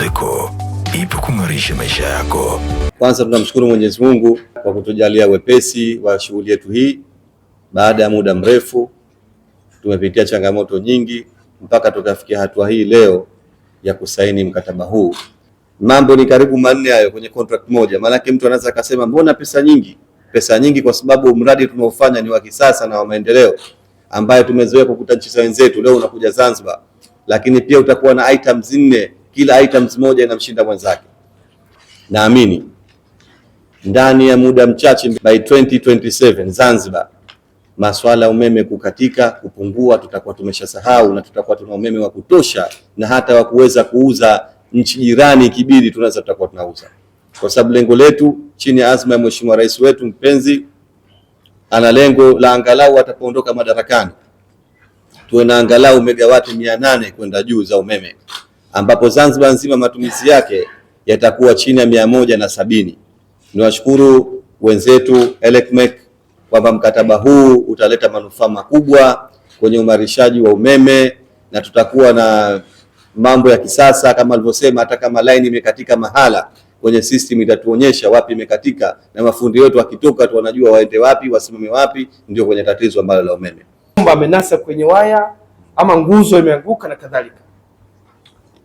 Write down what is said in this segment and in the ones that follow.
mapumziko ipo kung'arisha maisha yako. Kwanza tunamshukuru Mwenyezi Mungu kwa kutujalia wepesi wa shughuli yetu hii. Baada ya muda mrefu, tumepitia changamoto nyingi mpaka tukafikia hatua hii leo ya kusaini mkataba huu. Mambo ni karibu manne hayo kwenye contract moja, maanake mtu anaweza akasema mbona pesa nyingi? Pesa nyingi kwa sababu mradi tunaofanya ni wa kisasa na wa maendeleo, ambayo tumezoea kukuta nchi za wenzetu. Leo unakuja Zanzibar, lakini pia utakuwa na items nne kila items moja inamshinda mwenzake. Naamini ndani ya muda mchache, by 2027 Zanzibar, masuala ya umeme kukatika kupungua, tutakuwa tumeshasahau na tutakuwa tuna umeme wa kutosha na hata wa kuweza kuuza nchi jirani ikibidi, tunaweza tutakuwa tunauza, kwa sababu lengo letu chini ya azma ya Mheshimiwa Rais wetu mpenzi, ana lengo la angalau atakapoondoka madarakani tuwe na angalau megawati mia nane kwenda juu za umeme ambapo Zanzibar nzima matumizi yake yatakuwa chini ya mia moja na sabini. Niwashukuru wenzetu ELECMEC kwamba mkataba huu utaleta manufaa makubwa kwenye umarishaji wa umeme na tutakuwa na mambo ya kisasa kama alivyosema, hata kama line imekatika mahala kwenye system itatuonyesha wapi imekatika, na mafundi wetu wakitoka tu wanajua waende wapi, wasimame wapi. Ndio kwenye tatizo ambalo la umeme, amenasa kwenye waya ama nguzo imeanguka na kadhalika.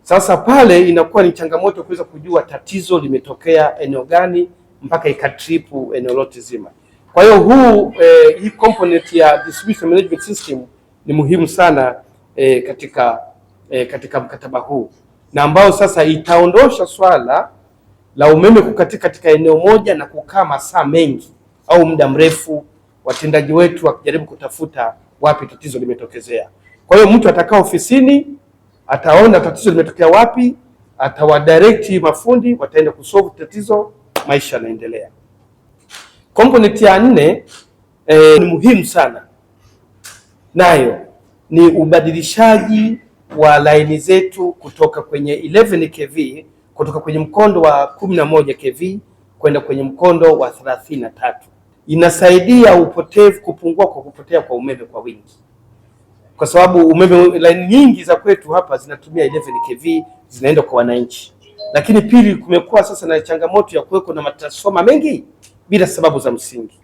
Sasa pale inakuwa ni changamoto kuweza kujua tatizo limetokea eneo gani mpaka ikatripu eneo lote zima. Kwa hiyo huu eh, hii component ya distribution management system ni muhimu sana eh, katika eh, katika mkataba huu na ambao sasa itaondosha swala la umeme kukatika katika eneo moja na kukaa masaa mengi au muda mrefu, watendaji wetu wakijaribu kutafuta wapi tatizo limetokezea. Kwa hiyo mtu atakaa ofisini ataona tatizo limetokea wapi, atawadirect mafundi, wataenda kusolve tatizo, maisha yanaendelea. Component ya nne e, ni muhimu sana nayo ni ubadilishaji wa laini zetu kutoka kwenye 11 kV kutoka kwenye mkondo wa 11 kV kwenda kwenye mkondo wa 33. Inasaidia upotevu kupungua kwa kupotea kwa umeme kwa wingi kwa sababu umeme line nyingi za kwetu hapa zinatumia 11 kV zinaenda kwa wananchi. Lakini pili, kumekuwa sasa na changamoto ya kuweko na matransforma mengi bila sababu za msingi.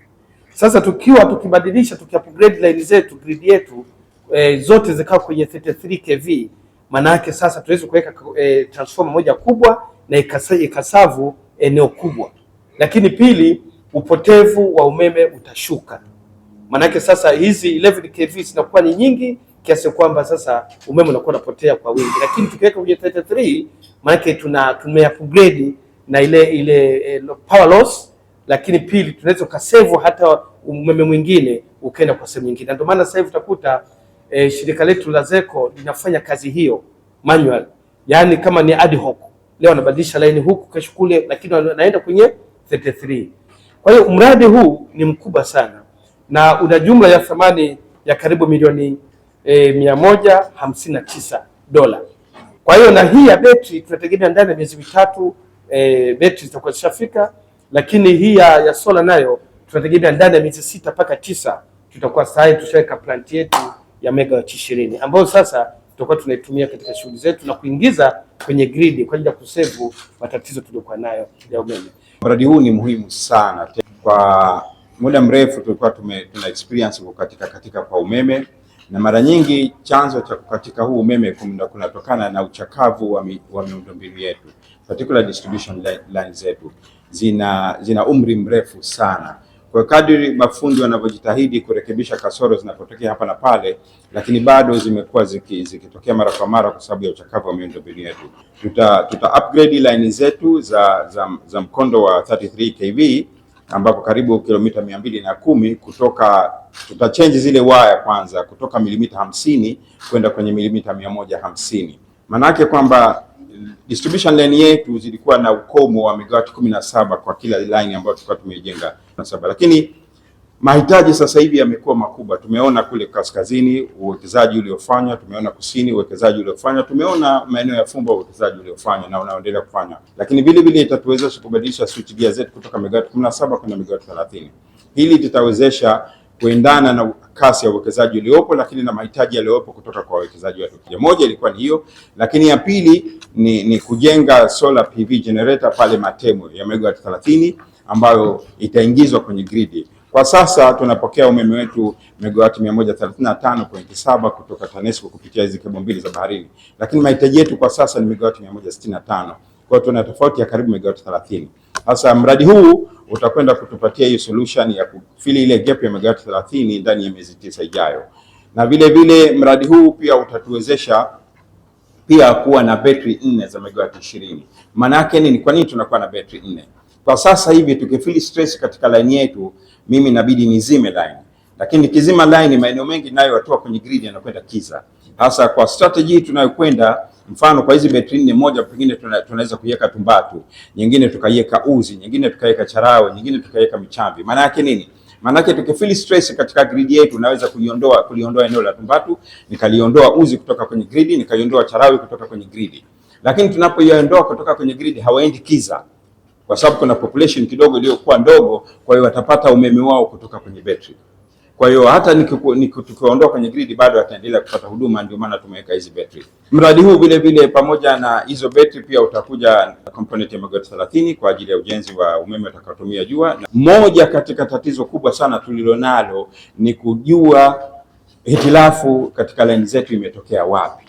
Sasa tukiwa tukibadilisha tukiupgrade line zetu grid yetu e, zote zikawa kwenye 33 kV, maana yake sasa tuweze kuweka e, eh, transforma moja kubwa na ikasavu eneo kubwa. Lakini pili, upotevu wa umeme utashuka. Maanake sasa hizi 11 kV zinakuwa ni nyingi kiasi kwamba sasa umeme unakuwa unapotea kwa wingi, lakini tukiweka kwenye 33 maanake tuna tume upgrade na ile ile eh, power loss, lakini pili tunaweza ukasave hata umeme mwingine ukaenda kwa sehemu nyingine. Ndio maana sasa hivi utakuta eh, shirika letu la ZECO linafanya kazi hiyo manual, yani kama ni ad hoc, leo anabadilisha line huku kesho kule, lakini anaenda kwenye 33. Kwa hiyo mradi huu ni mkubwa sana na una jumla ya thamani ya karibu milioni e, mia moja hamsini na tisa dola. Kwa hiyo na hii ya betri tunategemea ndani ya miezi mitatu e, betri zitakuwa zishafika, lakini hii ya sola nayo tunategemea ndani ya miezi sita mpaka tisa tutakuwa sahi tushaweka plant yetu ya megawati ishirini ambayo sasa tutakuwa tunaitumia katika shughuli zetu na kuingiza kwenye gridi kwa ajili ya kusevu matatizo tuliokuwa nayo ya umeme. Mradi huu ni muhimu sana kwa muda mrefu tulikuwa tume, tuna experience kukatika katika kwa umeme na mara nyingi chanzo cha kukatika huu umeme kunatokana na uchakavu wa, mi, wa miundombinu yetu particular distribution line zetu zina, zina umri mrefu sana. Kwa kadri mafundi wanavyojitahidi kurekebisha kasoro zinapotokea hapa na pale, lakini bado zimekuwa ziki, zikitokea mara kwa mara kwa sababu ya uchakavu wa miundombinu yetu. Tuta, tuta upgrade line zetu za, za, za mkondo wa 33 kV ambapo karibu kilomita mia mbili na kumi kutoka, tutachenji zile waya kwanza kutoka milimita hamsini kwenda kwenye milimita mia moja hamsini maanake kwamba distribution line yetu zilikuwa na ukomo wa megawati kumi na saba kwa kila line ambayo tulikuwa tumejenga na saba lakini Mahitaji sasa hivi yamekuwa makubwa. Tumeona kule kaskazini uwekezaji uliofanywa, tumeona kusini uwekezaji uliofanywa, tumeona maeneo ya Fumba uwekezaji uliofanywa na unaendelea kufanya, lakini vile vile itatuwezesha kubadilisha switch gear zetu kutoka megawati 17 kwenda megawati 30. Hili litawezesha kuendana na kasi ya uwekezaji uliopo, lakini na mahitaji yaliyopo kutoka kwa wawekezaji wetu. Moja ilikuwa ni hiyo, lakini ya pili ni, ni kujenga solar PV generator pale Matemo ya megawati 30 ambayo itaingizwa kwenye gridi. Kwa sasa tunapokea umeme wetu megawati 135.7 kutoka TANESCO kupitia hizi kebo mbili za baharini, lakini mahitaji yetu kwa sasa ni megawati 165. Kwa hiyo tuna tofauti ya karibu megawati 30. Sasa mradi huu utakwenda kutupatia hiyo solution ya kufili ile gap ya megawati 30 ndani ya miezi tisa ijayo, na vile vile mradi huu pia utatuwezesha pia kuwa na betri nne za megawati 20. Maana yake nini? Kwa nini tunakuwa na betri nne? Kwa sasa hivi tukifili stress katika line yetu, mimi inabidi nizime line, lakini nikizima line, maeneo mengi nayo yatoa kwenye grid yanakwenda kiza, hasa kwa strategy tunayokwenda Mfano, kwa hizi betri nne, moja pengine tunaweza kuiweka Tumbatu, nyingine tukaiweka Uzi, nyingine tukaiweka Charawe, nyingine tukaiweka michambi. Maana yake nini? Maana yake tukifili stress katika grid yetu, naweza kuiondoa kuliondoa eneo la Tumbatu, nikaliondoa Uzi kutoka kwenye grid, nikaiondoa Charawe kutoka kwenye grid. Lakini tunapoiondoa kutoka kwenye grid, hawaendi kiza, kwa sababu kuna population kidogo iliyokuwa ndogo, kwa hiyo watapata umeme wao kutoka kwenye battery. Kwa hiyo hata tukiondoa kwenye grid bado wataendelea kupata huduma, ndio maana tumeweka hizi battery. Mradi huu vile vile, pamoja na hizo battery pia utakuja component ya megawati thelathini kwa ajili ya ujenzi wa umeme utakaotumia jua. Moja katika tatizo kubwa sana tulilonalo ni kujua hitilafu katika laini zetu imetokea wapi.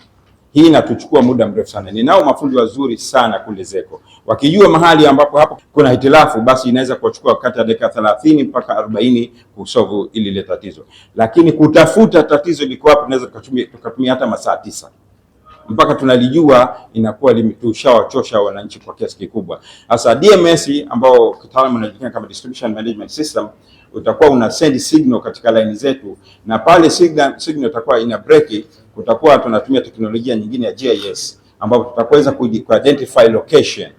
Hii inatuchukua muda mrefu sana. Ninao mafundi wazuri sana kule ZECO, wakijua mahali ambapo hapo kuna hitilafu, basi inaweza kuwachukua kati ya dakika 30 mpaka 40 kusovu ili ile tatizo, lakini kutafuta tatizo liko wapi, naweza tukatumia hata masaa tisa mpaka tunalijua, inakuwa tushawachosha wananchi kwa kiasi kikubwa. Sasa DMS ambao kitaalamu unajulikana kama distribution management system utakuwa una send signal katika line zetu, na pale signal, signal itakuwa ina break kutakuwa tunatumia teknolojia nyingine ya GIS ambapo tutaweza ku identify location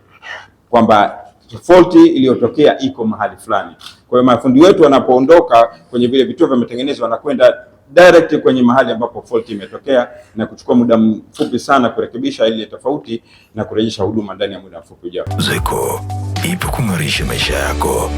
kwamba tofauti iliyotokea iko mahali fulani. Kwa hiyo mafundi wetu wanapoondoka kwenye vile vituo vimetengenezwa, wanakwenda direct kwenye mahali ambapo fault imetokea na kuchukua muda mfupi sana kurekebisha ile tofauti na kurejesha huduma ndani ya muda mfupi ujao. ZECO ipo kung'arisha maisha yako.